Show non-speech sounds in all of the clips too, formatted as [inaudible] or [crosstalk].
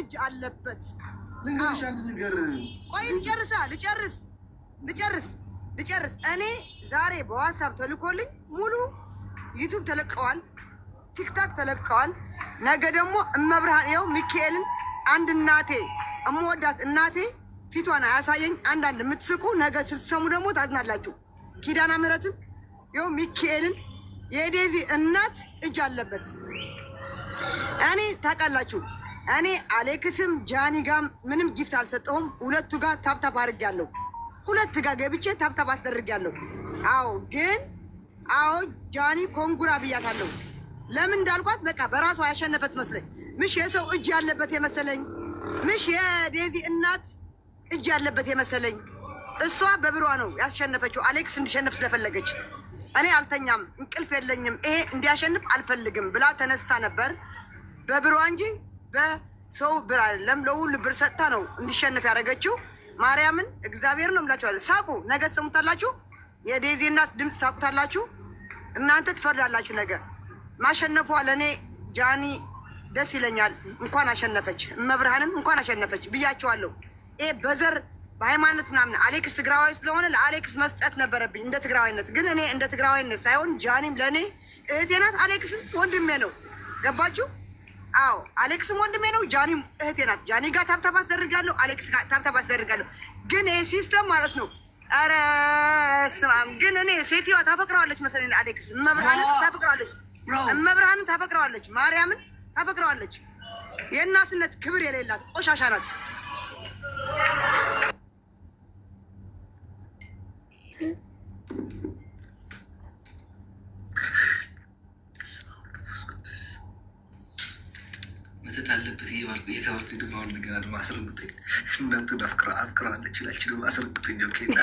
እጅ አለበት። ልንገርሽ ቆይ ልጨርሳ ልጨርስ ልጨርስ ልጨርስ። እኔ ዛሬ በዋትሳፕ ተልኮልኝ ሙሉ ዩቱብ ተለቀዋል፣ ቲክታክ ተለቀዋል። ነገ ደግሞ እመብርሃን ይኸው ሚካኤልን አንድ እናቴ እምወዳት እናቴ ፊቷን አያሳየኝ። አንዳንድ የምትስቁ ነገ ስትሰሙ ደግሞ ታዝናላችሁ። ኪዳና ምህረትን ይኸው ሚካኤልን የዴዚ እናት እጅ አለበት። እኔ ታውቃላችሁ እኔ አሌክስም ጃኒ ጋም ምንም ጊፍት አልሰጠሁም። ሁለቱ ጋር ታብታብ አድርጌያለሁ። ሁለት ጋር ገብቼ ታብታብ አስደርጌያለሁ። አዎ ግን አዎ ጃኒ ኮንጉራ ብያታለሁ። ለምን እንዳልኳት በቃ በራሷ ያሸነፈት መስለኝ፣ ምሽ የሰው እጅ ያለበት የመሰለኝ፣ ምሽ የዴዚ እናት እጅ ያለበት የመሰለኝ። እሷ በብሯ ነው ያስሸነፈችው፣ አሌክስ እንዲሸንፍ ስለፈለገች። እኔ አልተኛም፣ እንቅልፍ የለኝም፣ ይሄ እንዲያሸንፍ አልፈልግም ብላ ተነስታ ነበር በብሯ እንጂ በሰው ብር አይደለም ለሁሉ ብር ሰጥታ ነው እንዲሸነፍ ያደረገችው። ማርያምን እግዚአብሔር ነው የምላችኋለሁ። ሳቁ፣ ነገ ትሰሙታላችሁ። የዴዚ እናት ድምፅ ታቁታላችሁ። እናንተ ትፈርዳላችሁ። ነገ ማሸነፏ ለእኔ ጃኒ ደስ ይለኛል። እንኳን አሸነፈች፣ መብርሃንም እንኳን አሸነፈች ብያቸዋለሁ። ይሄ በዘር በሃይማኖት ምናምን አሌክስ ትግራዋይ ስለሆነ ለአሌክስ መስጠት ነበረብኝ እንደ ትግራዋይነት። ግን እኔ እንደ ትግራዋይነት ሳይሆን ጃኒም ለእኔ እህቴ ናት፣ አሌክስም ወንድሜ ነው። ገባችሁ? አዎ አሌክስም ወንድሜ ነው፣ ጃኒ እህቴ ናት። ጃኒ ጋር ታብታብ አስደርጋለሁ፣ አሌክስ ጋር ታብታብ አስደርጋለሁ። ግን ይህ ሲስተም ማለት ነው። ኧረ ስማም፣ ግን እኔ ሴትዮዋ ታፈቅረዋለች መሰለኝ አሌክስ። እመብርሃንን ታፈቅረዋለች፣ እመብርሃንን ታፈቅረዋለች፣ ማርያምን ታፈቅረዋለች። የእናትነት ክብር የሌላት ቆሻሻ ናት። መተት አለበት የተባልኩ ደግሞ አሁን ነገር አስረግጦኝ እናቱን አፍቅረዋለች ይችላል አስረግጦኝ ኬና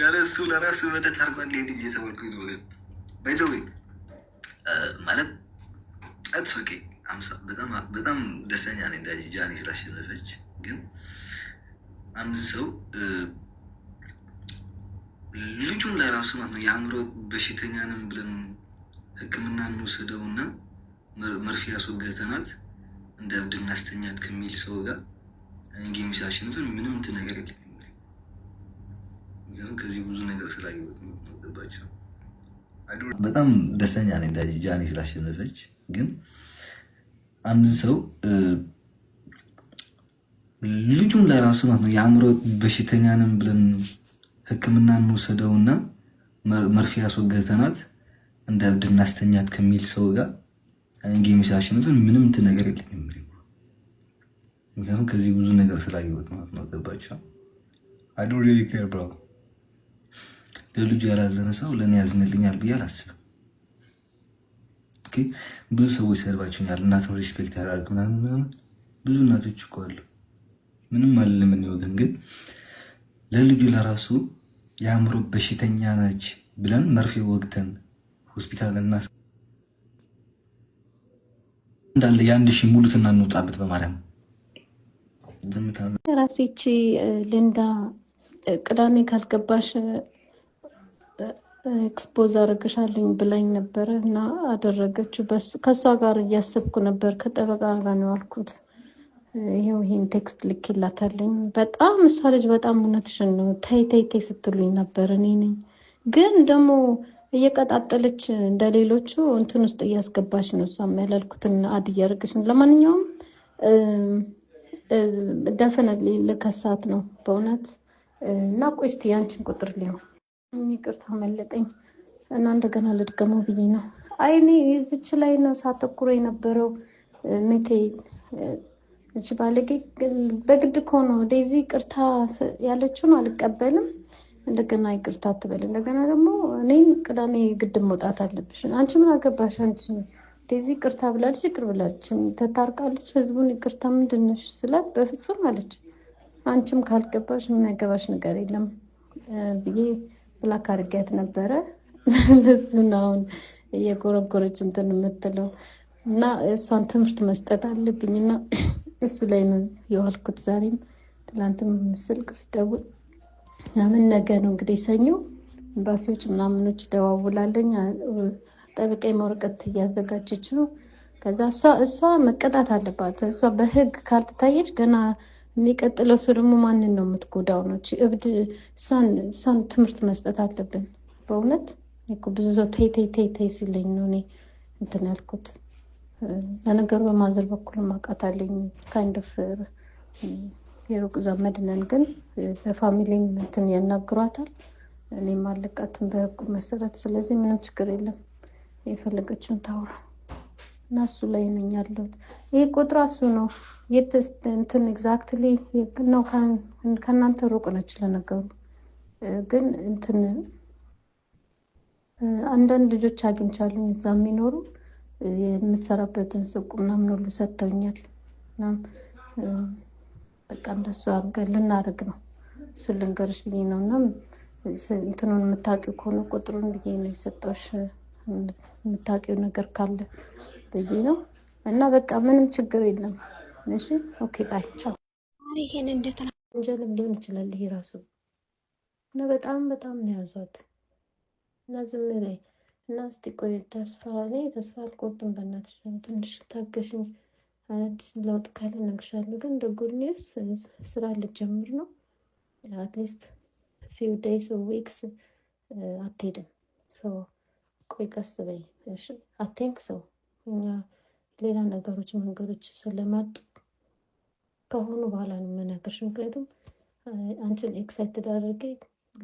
ያለ እሱ ለራሱ መተት አርጓል ይሄ ልጅ የተባልኩኝ ነው ባይዘዌ ማለት እትስ ኦኬ አምሳ በጣም ደስተኛ ነኝ ጃኒ ስላሸነፈች። ግን አንድ ሰው ልጁም ለራሱ ማለት ነው የአእምሮ በሽተኛንም ብለን ሕክምና እንውሰደውና መርፌ ያስወገተናት እንደ እብድ እናስተኛት ከሚል ሰው ጋር ጌም ሳሸንፍን ምንም እንትን ነገር የለም። ከዚህ ብዙ ነገር ስላየወጥ ገባቸው። በጣም ደስተኛ ነኝ ጃኒ ስላሸነፈች። ግን አንድ ሰው ልጁን ለራሱ ማለት ነው የአእምሮ በሽተኛንም ብለን ሕክምና እንወሰደውና መርፌ ያስወገተናት እንደ እብድ እናስተኛት ከሚል ሰው ጋር ጌም ሳሸንፍ ምንም እንትን ነገር የለኝም። ምክንያቱም ከዚህ ብዙ ነገር ስላየሁት ማለት ነው። ገባቸው አዶ ሪሊከር ብራ ለልጁ ያላዘነ ሰው ለእኔ ያዝንልኛል ብዬ አላስብም። ብዙ ሰዎች ሰድባችሁኛል፣ እናትን ሪስፔክት ያደርግ ምናምን ብዙ እናቶች እኮ አሉ ምንም አልልም እኔ ወገን፣ ግን ለልጁ ለራሱ የአእምሮ በሽተኛ ነች ብለን መርፌ ወግተን ሆስፒታል እናስ እንዳለ የአንድ ሺህ ሙሉትና እንውጣበት። በማርያም ራሴቺ ልንዳ ቅዳሜ ካልገባሽ ኤክስፖዝ አድርግሻለኝ ብላኝ ነበረ እና አደረገችው። ከእሷ ጋር እያሰብኩ ነበር። ከጠበቃ ጋር ነው ያልኩት። ይኸው ይህን ቴክስት ልኬላታለኝ። በጣም እሷ ልጅ በጣም እውነትሽን ነው ተይ ተይ ተይ ስትሉኝ ነበር። እኔ ነኝ ግን ደግሞ እየቀጣጠለች እንደ ሌሎቹ እንትን ውስጥ እያስገባሽ ነው። እሷም ያላልኩትን አድ እያደረግሽ ነው። ለማንኛውም ደፈነ ልከሳት ነው በእውነት እና ቆይ እስኪ ያንቺን ቁጥር ሊሆ ይቅርታ መለጠኝ እና እንደገና ልድገመው ብዬ ነው። አይ እኔ ይዝች ላይ ነው ሳተኩሮ የነበረው ሜቴ እች ባለጌ በግድ ከሆነ ነው ዴዚ ቅርታ ያለችውን አልቀበልም እንደገና ይቅርታ አትበል። እንደገና ደግሞ እኔም ቅዳሜ ግድ መውጣት አለብሽ። አንቺ ምን አገባሽ? አንቺ ዴዚ ይቅርታ ብላለች፣ ይቅር ብላለች፣ ተታርቃለች። ህዝቡን ይቅርታ ምንድን ነሽ ስላት በፍጹም አለች። አንቺም ካልገባሽ የሚያገባሽ ነገር የለም ብዬ ብላክ አድርጊያት ነበረ። [laughs] ለሱን አሁን የጎረጎረች እንትን የምትለው እና እሷን ትምህርት መስጠት አለብኝ እና [clears throat] እሱ ላይ ነው የዋልኩት ዛሬም ትላንትም ስልክ ስደውል ምናምን ነገ ነው እንግዲህ ሰኞ ኤምባሲዎች ምናምኖች ደዋውላለኝ ጠብቀኝ መወረቀት እያዘጋጀች ነው። ከዛ እሷ እሷ መቀጣት አለባት። እሷ በህግ ካልተታየች ገና የሚቀጥለው ሰው ደግሞ ማንን ነው የምትጎዳው ነች እብድ እሷን ትምህርት መስጠት አለብን። በእውነት ብዙ ሰው ተይ ተይ ተይ ተይ ሲለኝ ነው እኔ እንትን ያልኩት። ለነገሩ በማዘር በኩል ማቃት አለኝ ካይንድ ኦፍ የሩቅ ዘመድ ነን፣ ግን በፋሚሊ እንትን ያናግሯታል። እኔም አለቃትን በህጉ መሰረት። ስለዚህ ምንም ችግር የለም፣ የፈለገችውን ታውራ እና እሱ ላይ ነኝ ያለሁት። ይህ ቁጥሯ እሱ ነው። የት እንትን ኤግዛክትሊ ነው ከእናንተ ሩቅ ነች ለነገሩ፣ ግን እንትን አንዳንድ ልጆች አግኝቻለሁ እዛ የሚኖሩ የምትሰራበትን ሱቁ ምናምን ሁሉ ሰጥተውኛል። በቃ እንደሱ አድርገን ልናደርግ ነው። እሱን ልንገርሽ ብዬ ነው እና እንትኑን የምታውቂው ከሆነ ቁጥሩን ብዬ ነው የሰጠሁሽ። የምታውቂው ነገር ካለ ብዬ ነው እና በቃ ምንም ችግር የለም። እሺ ኦኬ ባይ ቻው። ይሄን እንደተና ወንጀልም ሊሆን ይችላል ይሄ ራሱ እና በጣም በጣም ነው ያዟት እና ዝም ላይ እና እስቲ ቆይ ተስፋ እኔ ተስፋ አልቆርጥም። በእናትሽ ትንሽ ታገሽኝ። አዳዲስ ለውጥ ካለ እነግርሻለሁ። ግን በጉድ ኒውስ ስራ ልጀምር ነው። አትሊስት ፊው ደይስ ዊክስ አትሄድም። ሰው ቆይ ቀስ በይ አቴንክ ሰው እኛ ሌላ ነገሮች መንገዶች ስለማጡ ከሆኑ በኋላ ነው የምነግርሽ። ምክንያቱም uh, አንቺን ኤክሳይትድ አድርጌ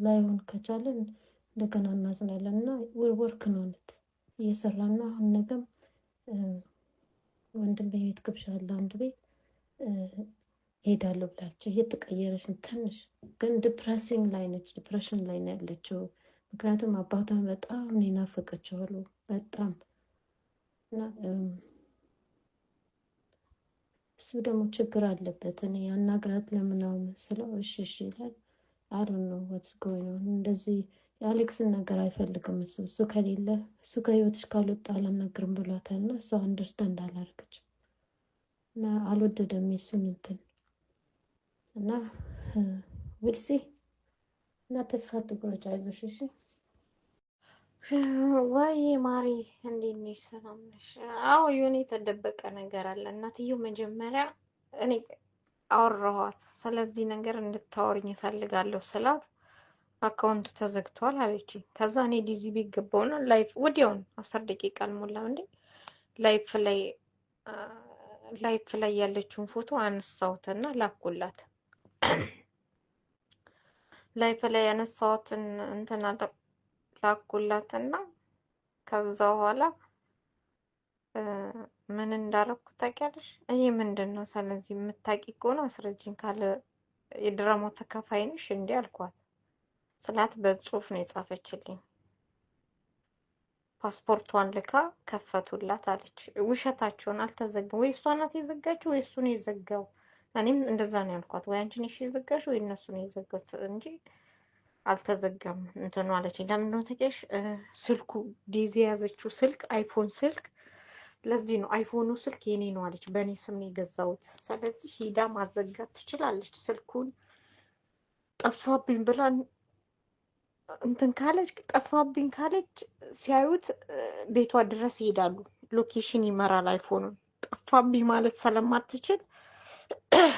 ላይሆን ከቻለን እንደገና እናዝናለን እና ወርክ ነው እውነት እየሰራን ነው አሁን ነገም um, ወንድም በቤት ግብዣ አለ አንድ ቤት ሄዳለሁ ብላችሁ እየተቀየረች ትንሽ ግን ዲፕሬሲንግ ላይ ነች፣ ዲፕሬሽን ላይ ነው ያለችው። ምክንያቱም አባቷን በጣም ነው የናፈቀችው የናፈቀችዋሉ በጣም እሱ ደግሞ ችግር አለበት። እኔ ያናግራት ለምናምን ስለው እሺ እሺ ይላል። አይ ነው ወትስ ጎይ ነው እንደዚህ የአሌክስን ነገር አይፈልግም። እሱ እሱ ከሌለ እሱ ከህይወትሽ ካልወጣ አላናግርም ብሏታል እና እሷ አንደርስታንድ አላረገች እና አልወደደም የሱን እንትን እና ውልሲ እና ተስፋ ትቁረጭ፣ አይዞሽ እሺ። ዋዬ ማሪ እንዴት ነሽ? ሰላም ነሽ? አዎ የሆነ የተደበቀ ነገር አለ። እናትየው መጀመሪያ እኔ አወራኋት ስለዚህ ነገር እንድታወርኝ እፈልጋለሁ ስላት አካውንቱ ተዘግቷል አለች። ከዛ እኔ ዲዚ ዲዚቢ ነው ላይፍ ወዲያውን አስር ደቂቃ አልሞላም እንዴ ላይፍ ላይ ላይፍ ላይ ያለችውን ፎቶ አነሳሁትና ላኩላት። ላይፍ ላይ ያነሳውትን እንትን ላኩላትና ከዛ በኋላ ምን እንዳረኩ ታውቂያለሽ? ይሄ ምንድን ነው? ስለዚህ የምታውቂ ከሆነ አስረጅኝ ካለ የድራማው ተካፋይ ነሽ እንዴ አልኳት። ስላት በጽሁፍ ነው የጻፈችልኝ። ፓስፖርቷን ልካ ከፈቱላት አለች። ውሸታቸውን አልተዘግም ወይ እሷ ናት የዘጋችው ወይ እሱ ነው የዘጋው። እኔም እንደዛ ነው ያልኳት፣ ወይ አንቺ ነሽ የዘጋሽ ወይ እነሱ ነው የዘጋት እንጂ አልተዘጋም። እንትኑ አለችኝ። ለምን ነው ተቀሽ ስልኩ ዴዚ የያዘችው ስልክ አይፎን ስልክ ለዚህ ነው አይፎኑ ስልክ የኔ ነው አለች። በእኔ ስም ነው የገዛሁት። ስለዚህ ሂዳ ማዘጋት ትችላለች። ስልኩን ጠፋብኝ ብላ እንትን ካለች ጠፋብኝ ካለች ሲያዩት ቤቷ ድረስ ይሄዳሉ። ሎኬሽን ይመራል አይፎኑን። ጠፋብኝ ማለት ስለማትችል [clears throat]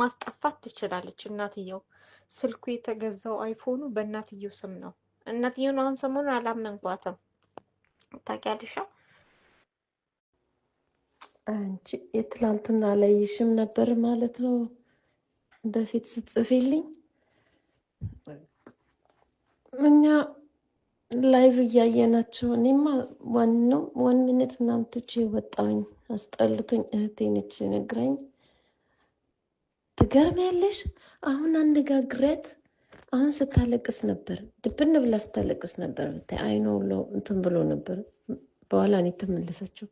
ማስጠፋት ትችላለች። እናትየው ስልኩ የተገዛው አይፎኑ በእናትየው ስም ነው። እናትየውን አሁን ሰሞኑን አላመንኳትም። ታውቂያለሽ አንቺ የትላንትና አላየሽም ነበር ማለት ነው በፊት ስትጽፊልኝ እኛ ላይቭ እያየናቸው እኔማ ዋናው ዋን ሚኒት ምናምን ትቼ ወጣሁኝ። አስጠልቶኝ እህቴ ነች ትገርሚያለሽ። አሁን አነጋግረት አሁን ስታለቅስ ነበር፣ ድብን ብላ ስታለቅስ ነበር። ብታይ አይኖ ሁሉ እንትን ብሎ ነበር። በኋላ እኔ ተመለሰችው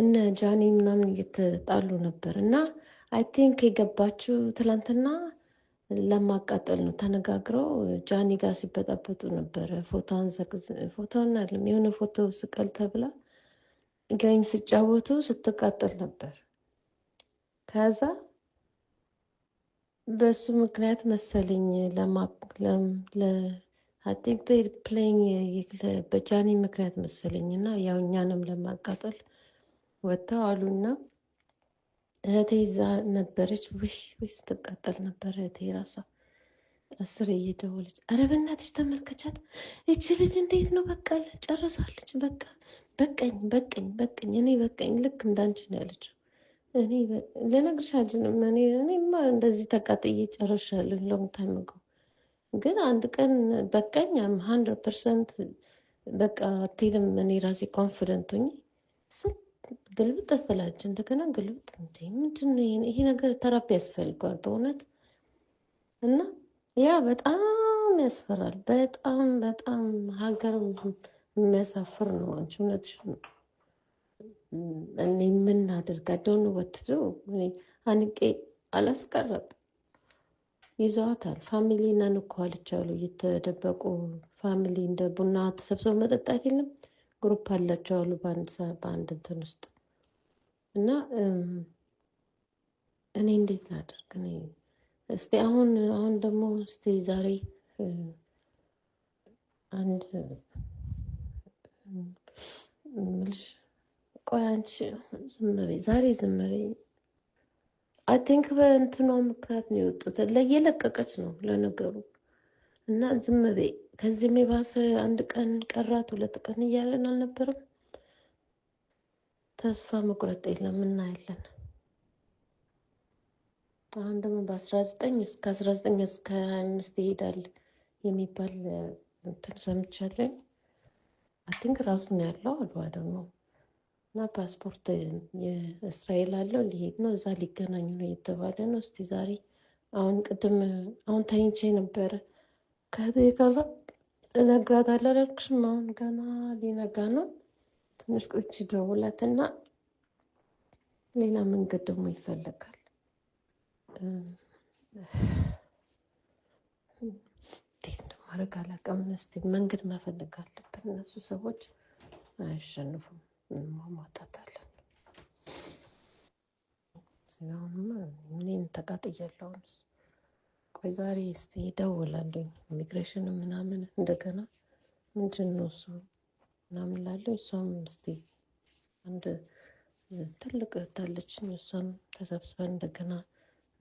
እነ ጃኒ ምናምን እየተጣሉ ነበር እና አይ ቲንክ የገባችው ትላንትና ለማቃጠል ነው ተነጋግረው ጃኒ ጋር ሲበጣበጡ ነበረ። ፎቶን አለም የሆነ ፎቶ ስቀል ተብላ ገኝ ሲጫወቱ ስትቃጠል ነበር። ከዛ በሱ ምክንያት መሰለኝ ቲንክ በጃኒ ምክንያት መሰለኝ እና ያው እኛንም ለማቃጠል ወጥተው አሉና እህቴ ይዛ ነበረች። ውይ ውይ ስትቃጠል ነበር እህቴ ራሷ አስር እየደወለች ኧረ በእናትሽ ተመልከቻት እች ልጅ እንዴት ነው በቃ ጨርሳለች። በቃ በቀኝ በቀኝ በቀኝ እኔ በቀኝ ልክ እንዳንቺ ነው ያለችው። እኔ ልነግርሽ አልችልም። እኔ እኔማ እንደዚህ ተቃጥዬ ጨርሻለሁ ሎንግ ታይም ጎ፣ ግን አንድ ቀን በቀኝ አም ሀንድረድ ፐርሰንት በቃ አትሄድም። እኔ ራሴ ኮንፊደንት ሆኜ ግልብጥ አስፈላጅ እንደገና ግልብጥ እንደ ምንድነው ነው ይሄ ነገር ተራፒ ያስፈልገዋል በእውነት እና ያ በጣም ያስፈራል። በጣም በጣም ሀገር የሚያሳፍር ነው። አንቺ እውነትሽ እኔ ምን አድርጋ ደሆኑ ወትዶ አንቄ አላስቀረጥ ይዘዋታል። ፋሚሊ ናንኳልቻሉ እየተደበቁ ፋሚሊ እንደ ቡና ተሰብስበው መጠጣት የለም ግሩፕ አላቸው አሉ በአንድ እንትን ውስጥ እና እኔ እንዴት ላደርግ? እኔ እስቲ አሁን አሁን ደግሞ እስቲ ዛሬ አንድ ምልሽ ቆይ አንቺ ዝም በይ፣ ዛሬ ዝም በይ። አይ ቲንክ በእንትኗ ምክንያት ነው የወጡት ለየለቀቀች ነው ለነገሩ እና ዝም በይ ከዚህም የባሰ አንድ ቀን ቀራት ሁለት ቀን እያለን አልነበረም። ተስፋ መቁረጥ የለም እናያለን። አሁን ደግሞ በአስራ ዘጠኝ እስከ አስራ ዘጠኝ እስከ ሀያ አምስት ይሄዳል የሚባል እንትን ሰምቻለኝ። አቲንክ ራሱን ያለው አድዋ ደግሞ እና ፓስፖርት የእስራኤል አለው ሊሄድ ነው። እዛ ሊገናኙ ነው እየተባለ ነው። እስቲ ዛሬ አሁን ቅድም አሁን ታኝቼ ነበረ ከህቴ ጋር እነግራታለሁ አላልኩሽም? አሁን ገና ሊነጋ ነው። ትንሽ ቁጭ ደውላትና ሌላ መንገድ ደግሞ ይፈልጋል። እንዴት እንደማደርግ አላውቅም። እስኪ መንገድ መፈለግ አለብን። እነሱ ሰዎች አያሸንፉም። ማሟታታለን ስለሆንማ እኔን ተቃጥያለሁ አሁንስ ቆይ ዛሬ እስቲ እደውላለሁ ኢሚግሬሽን ምናምን እንደገና ምንድን ነው እሱ ምናምን እላለሁ። እሷም እስቲ አንድ ትልቅ እህት እሷም ተሰብስበን እንደገና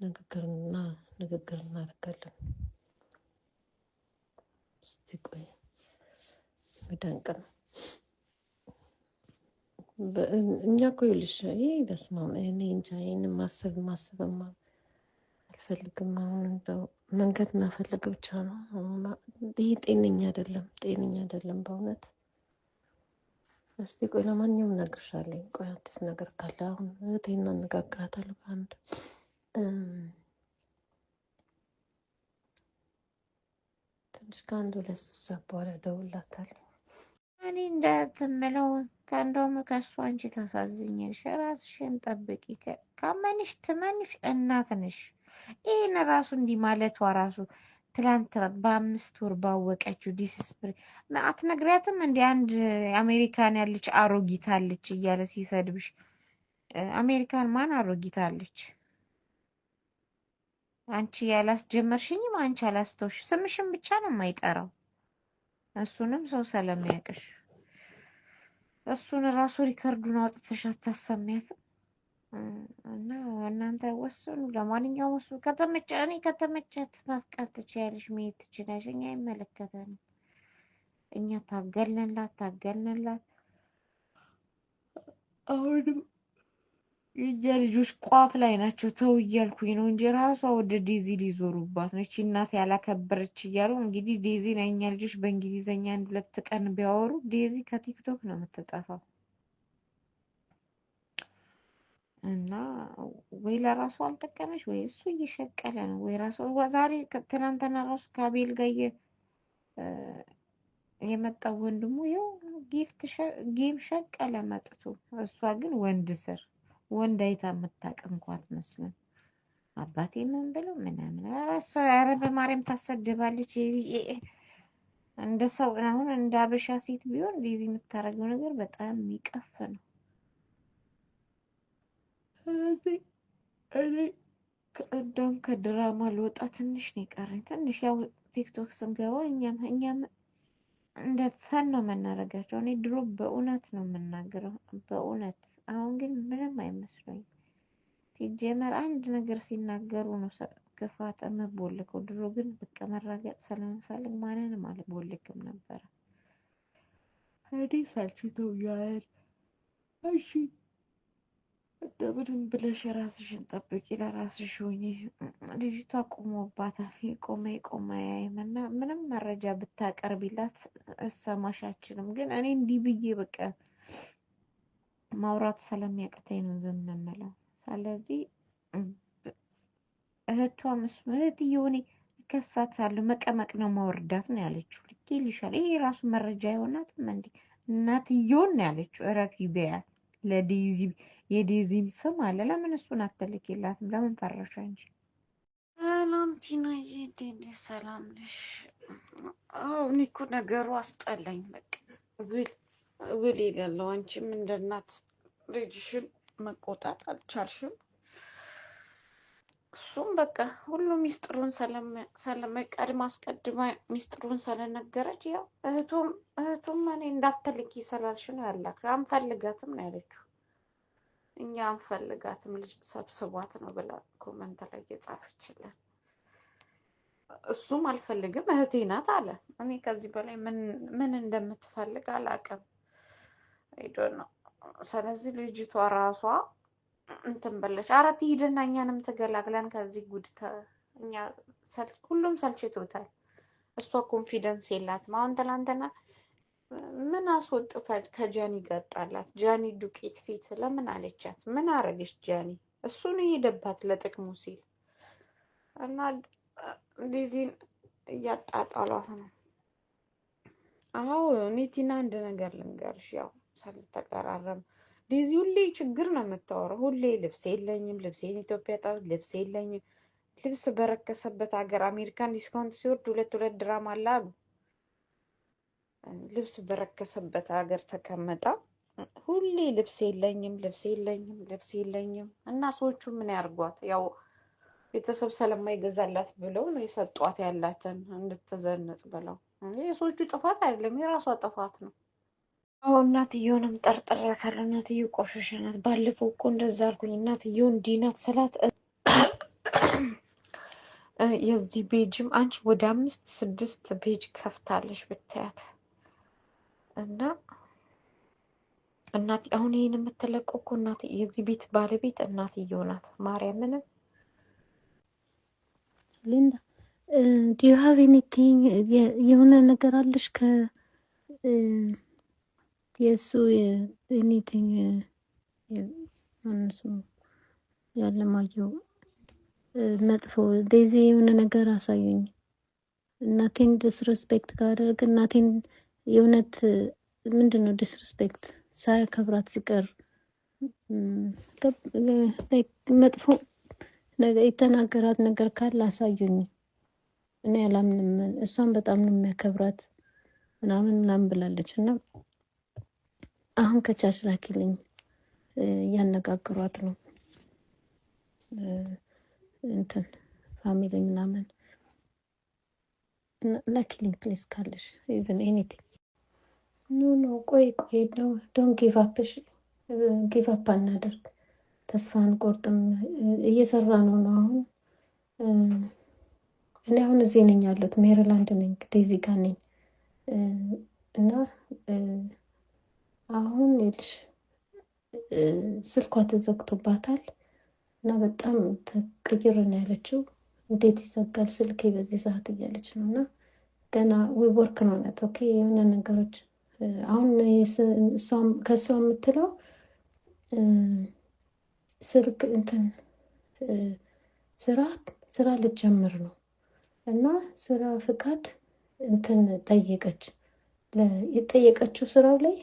ንግግርና ንግግር እናደርጋለን። እስቲ ቆይ የሚደንቅ ነው። እኛ እኮ ይኸውልሽ ይህ በስማም እኔ እንጃ ይህን ማሰብ ማሰብማ አልፈልግም። አሁን እንደው መንገድ መፈለግ ብቻ ነው። ይህ ጤነኛ አይደለም፣ ጤነኛ አይደለም በእውነት። እስቲ ቆይ ለማንኛውም እነግርሻለሁ። ቆይ አዲስ ነገር ካለ አሁን እህቴን እናነጋግራታለሁ። አንድ ትንሽ ከአንድ ሁለት ሶስት ሰዓት በኋላ እደውልላታለሁ። እኔ እንዳትምለው ከእንደውም ከእሱ አንቺ ታሳዝኛለሽ። ራስሽን ጠብቂ። ከመንሽ ትመንሽ እናት ነሽ። ይህን ራሱ እንዲህ ማለቷ ራሱ ትላንት በአምስት ወር ባወቀችው ዲስስፕሪ አትነግሪያትም? እንዲ አንድ አሜሪካን ያለች አሮጊት አለች እያለ ሲሰድብሽ፣ አሜሪካን ማን አሮጊት አለች? አንቺ ያላስጀመርሽኝም፣ አንቺ አላስተውሽ ስምሽን ብቻ ነው የማይጠራው። እሱንም ሰው ስለሚያውቅሽ እሱን ራሱ ሪከርዱን አውጥተሽ አታሰሚያትም? እና እናንተ ወስኑ። ለማንኛውም እሱ ከተመቸ እኔ ከተመቸት ማፍቃት ትችያለሽ፣ መሄድ ትችላለሽ። እኛ አይመለከተንም። እኛ ታገልንላት ታገልንላት። አሁንም የእኛ ልጆች ቋፍ ላይ ናቸው። ተው እያልኩኝ ነው እንጂ ራሷ ወደ ዴዚ ሊዞሩባት ነው። ይቺ እናት ያላከበረች እያሉ እንግዲህ ዴዚ ና የእኛ ልጆች በእንግሊዘኛ አንድ ሁለት ቀን ቢያወሩ ዴዚ ከቲክቶክ ነው የምትጠፋው። እና ወይ ለራሱ አልጠቀመች ወይ እሱ እየሸቀለ ነው ወይ ራሱ ዛሬ ትናንትና ራሱ ከአቤል ጋር የመጣው ወንድሙ ይኸው ጊፍት ጌም ሸቀለ መጥቶ፣ እሷ ግን ወንድ ስር ወንድ አይታ የምታውቅ እንኳ አትመስልም። አባቴ ምን ብሎ ምናምን ኧረ በማርያም ታሰድባለች። እንደ ሰው አሁን እንደ አበሻ ሴት ቢሆን እንደዚህ የምታደርገው ነገር በጣም የሚቀፍ ነው። ስለዚህ እኔ እንደውም ከድራማ ልወጣ ትንሽ ነው የቀረኝ። ትንሽ ያው ቲክቶክ ስንገባ እኛም እኛም እንደ ፈን ነው የምናደርጋቸው። እኔ ድሮ በእውነት ነው የምናገረው በእውነት አሁን ግን ምንም አይመስለኝም። ሲጀመር አንድ ነገር ሲናገሩ ነው ክፋት የምቦልከው። ድሮ ግን በቃ መራገጥ ስለምፈልግ ማንንም አልቦልክም ነበረ። እኔ ሰልችቶኛል። እሺ እንደምንም ብለሽ ራስሽን ጠብቂ፣ ለራስሽ ሆኚ። ልጅቷ ቆሞባታል። የቆመ የቆመ ያይም እና ምንም መረጃ ብታቀርቢላት እሰማሻችንም። ግን እኔ እንዲህ ብዬ በቃ ማውራት ስለሚያቅተኝ ነው ዝም የምለው። ስለዚህ እህቷ እህትዬው እኔ እከሳታለሁ፣ መቀመቅ ነው ማወርዳት ነው ያለችው። ልኬ ልሻል። ይሄ ራሱ መረጃ የሆናትም እንዲ እናትየውን ነው ያለችው። እረፊ በያት ለዲዚ የዴዚም ስም አለ። ለምን እሱን አትልኪላትም? ለምን ፈረሻ እንጂ ሰላም ቲናዬ፣ ዴዴ ሰላም ነሽ? አዎ እኔ እኮ ነገሩ አስጠላኝ። በቃ ውል ውል የሌለው አንቺም እንደ እናት ልጅሽን መቆጣት አልቻልሽም። እሱም በቃ ሁሉ ሚስጥሩን ሰለመ ቀድማ አስቀድማ ሚስጥሩን ስለነገረች ያው እህቱም እህቱም እኔ እንዳትልኪ ስላልሽ ነው ያላክሽ። አምፈልጋትም ነው ያለችው እኛ አንፈልጋትም ልጅ ሰብስቧት ነው ብላ ኮመንት ላይ እየጻፈችልን፣ እሱም አልፈልግም እህቴ ናት አለ። እኔ ከዚህ በላይ ምን እንደምትፈልግ አላውቅም። ሄዶ ነው። ስለዚህ ልጅቷ ራሷ እንትን በለች። ኧረ ትሂድና እኛንም ትገላግለን ከዚህ ጉድ። እኛ ሁሉም ሰልችቶታል። እሷ ኮንፊደንስ የላትም። አሁን ትላንትና ምን አስወጥፈድ ከጃኒ ገጣላት? ጃኒ ዱቄት ፊት ለምን አለቻት? ምን አረገች ጃኒ? እሱን የሄደባት ለጥቅሙ ሲል እና ዴዚን እያጣጣሏት ነው። አዎ እኔ ቲና አንድ ነገር ልንገርሽ፣ ያው ሳልተቀራረም ዴዚ ሁሌ ችግር ነው የምታወራው። ሁሌ ልብስ የለኝም፣ ልብሴን ኢትዮጵያ ጣ ልብስ የለኝም። ልብስ በረከሰበት ሀገር አሜሪካን ዲስካውንት ሲወርድ ሁለት ሁለት ድራማ አለ አሉ ልብስ በረከሰበት ሀገር ተቀምጣ ሁሌ ልብስ የለኝም ልብስ የለኝም ልብስ የለኝም እና ሰዎቹ ምን ያርጓት? ያው ቤተሰብ ስለማይገዛላት ብለው ነው የሰጧት ያላትን እንድትዘንጥ ብለው። የሰዎቹ ጥፋት አይደለም የራሷ ጥፋት ነው። አሁ እናትየውንም ጠርጥሬያታለሁ። እናትየው ቆሻሻ ናት። ባለፈው እኮ እንደዛ አልኩኝ። እናትየው እንዲናት ስላት የዚህ ቤጅም አንቺ ወደ አምስት ስድስት ቤጅ ከፍታለች ብታያት እና እናት አሁን ይህን የምትለቀው እኮ እናት የዚህ ቤት ባለቤት እናትየው ናት። ማርያምንም ሊንዳ ዱ ዩ ሃቭ ኤኒቲንግ የሆነ ነገር አለሽ ከ የእሱ ኒቲንግ እነሱ ያለማየው መጥፎ ዴዚ የሆነ ነገር አሳዩኝ። እናቴን ዲስሪስፔክት ካደረግ እናቴን የእውነት ምንድን ነው ዲስሪስፔክት ሳያከብራት ሲቀር መጥፎ የተናገራት ነገር ካለ አሳዩኝ። እኔ አላምንም። እሷን በጣም ነው የሚያከብራት ምናምን ምናምን ብላለች እና አሁን ከቻች ላኪልኝ እያነጋግሯት ነው እንትን ፋሚሊ ምናምን ላኪልኝ ፕሌስ ካለሽ ኢቨን ኤኒቲንግ ኖ ኖ ቆይ ቆይ ዶን ጊቭ አፕ ጊቭ አፕ አናደርግ፣ ተስፋ አንቆርጥም። እየሰራ ነው ነው አሁን እኔ አሁን እዚህ ነኝ ያለሁት ሜሪላንድ ነኝ፣ ዴዚ ጋ ነኝ እና አሁን ልጅ ስልኳ ተዘግቶባታል እና በጣም ተቅይር ነው ያለችው። እንዴት ይዘጋል ስልኬ በዚህ ሰዓት እያለች ነው እና ገና ዊ ወርክ ነው ነት ኦኬ የሆነ ነገሮች አሁን ከእሷ የምትለው ስልክ እንትን ስራ ስራ ልትጀምር ነው እና ስራ ፍቃድ እንትን ጠየቀች። የጠየቀችው ስራው ላይ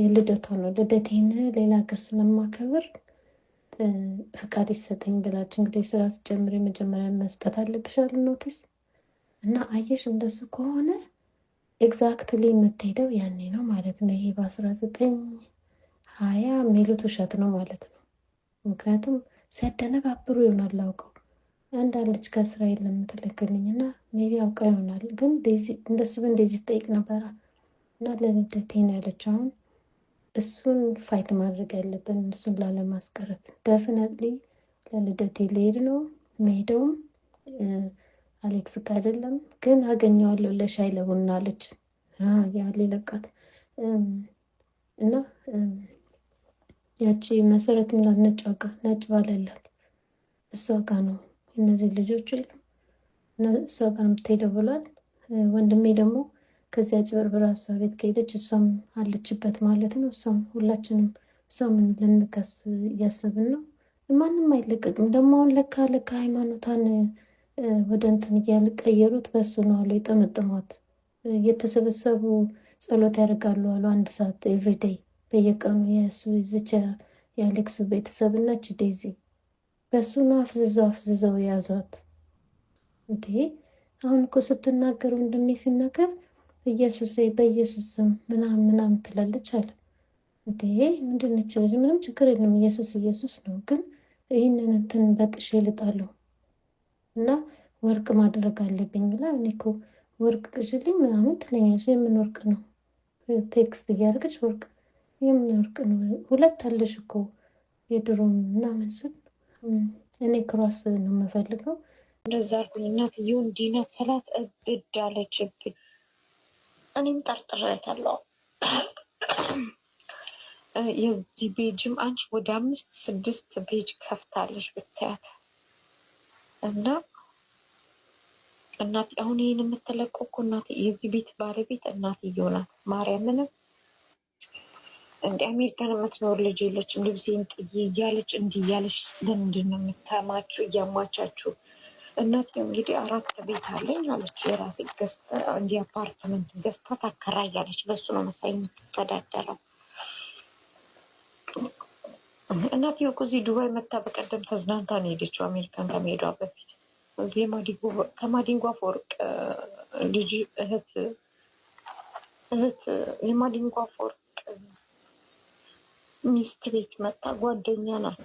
የልደቷ ነው። ልደቴን ሌላ ሀገር ስለማከብር ፍቃድ ይሰጠኝ ብላች። እንግዲህ ስራ ስጀምር የመጀመሪያ መስጠት አለብሻል ኖቲስ እና አየሽ እንደሱ ከሆነ ኤግዛክትሊ የምትሄደው ያኔ ነው ማለት ነው። ይሄ በአስራ ዘጠኝ ሀያ የሚሉት ውሸት ነው ማለት ነው። ምክንያቱም ሲያደነባብሩ ይሆናል አውቀው አንዳለች ከእስራኤል ለምትልክልኝ እና ሜቢ አውቃ ይሆናል ግን እንደሱ ግን እንደዚህ ጠይቅ ነበራ እና ለልደቴን ያለች አሁን እሱን ፋይት ማድረግ ያለብን እሱን ላለማስቀረት ደፍነትሊ ለልደቴ ሊሄድ ነው መሄደውም አሌክስ ጋ አይደለም ግን አገኘዋለሁ ለሻይ ለቡና አለች። ያህል ለቃት እና ያቺ መሰረት ምላት ነጭ ዋጋ ነጭ ባለላት እሷ ጋ ነው እነዚህ ልጆች እሷ ጋ የምትሄደው ብሏል። ወንድሜ ደግሞ ከዚያ ጭበርብራ እሷ ቤት ከሄደች እሷም አለችበት ማለት ነው። እሷም ሁላችንም እሷም ልንከስ እያሰብን ነው። ማንም አይለቀቅም ደግሞ አሁን ለካ ለካ ሃይማኖታን ወደ እንትን እያልቀየሩት በሱ ነው አሉ የጠመጥሟት። እየተሰበሰቡ ጸሎት ያደርጋሉ አሉ አንድ ሰዓት ኤቭሪዴይ በየቀኑ የእሱ ዝቻ የአሌክሱ ቤተሰብ እና ዴዚ በሱ ነው አፍዝዘው አፍዝዘው የያዟት። እንዴ አሁን እኮ ስትናገር ወንድሜ ሲናገር ኢየሱስ በኢየሱስ ስም ምናምን ምናምን ትላለች አለ። እንዴ ምንድን ነች ልጅ? ምንም ችግር የለም ኢየሱስ ኢየሱስ ነው፣ ግን ይህንን እንትን በጥሼ ልጣለሁ እና ወርቅ ማድረግ አለብኝ ብላ እኔ እኮ ወርቅ ግዢልኝ ምናምን ትለኛለች። የምን ወርቅ ነው? ቴክስት እያደረገች ወርቅ የምን ወርቅ ነው? ሁለት አለሽ እኮ የድሮ ምናምን ስል እኔ ክሯስ ነው የምፈልገው። እንደዛ አልኩኝ። እናትዬ እንዲህ ናት ስላት እብድ አለችብኝ። እኔም ጠርጥሬያታለሁ። የዚህ ቤጅም አንቺ ወደ አምስት ስድስት ቤጅ ከፍታለች ብታያት እና እናት አሁን ይህን የምትለቀው እኮ እናት የዚህ ቤት ባለቤት እናትየው ናት። ማርያምንም እንደ አሜሪካን የምትኖር ልጅ የለችም። ልብሴን ጥዬ እያለች እንዲህ እያለች ለምንድን ነው የምታማችሁ? እያሟቻችሁ እናት እንግዲህ አራት ቤት አለኝ አለች። የራሴ ገዝታ እንዲህ አፓርትመንት ገዝታ ታከራያለች። በሱ ነው መሳይ የምትተዳደረው እናትዬው እኮ እዚህ ዱባይ መታ በቀደም ተዝናንታ ነው ሄደችው፣ አሜሪካን ከመሄዷ በፊት እዚህ ከማዲንጎ አፈወርቅ ልጅ እህት እህት የማዲንጎ አፈወርቅ ሚስት ቤት መታ ጓደኛ ናት።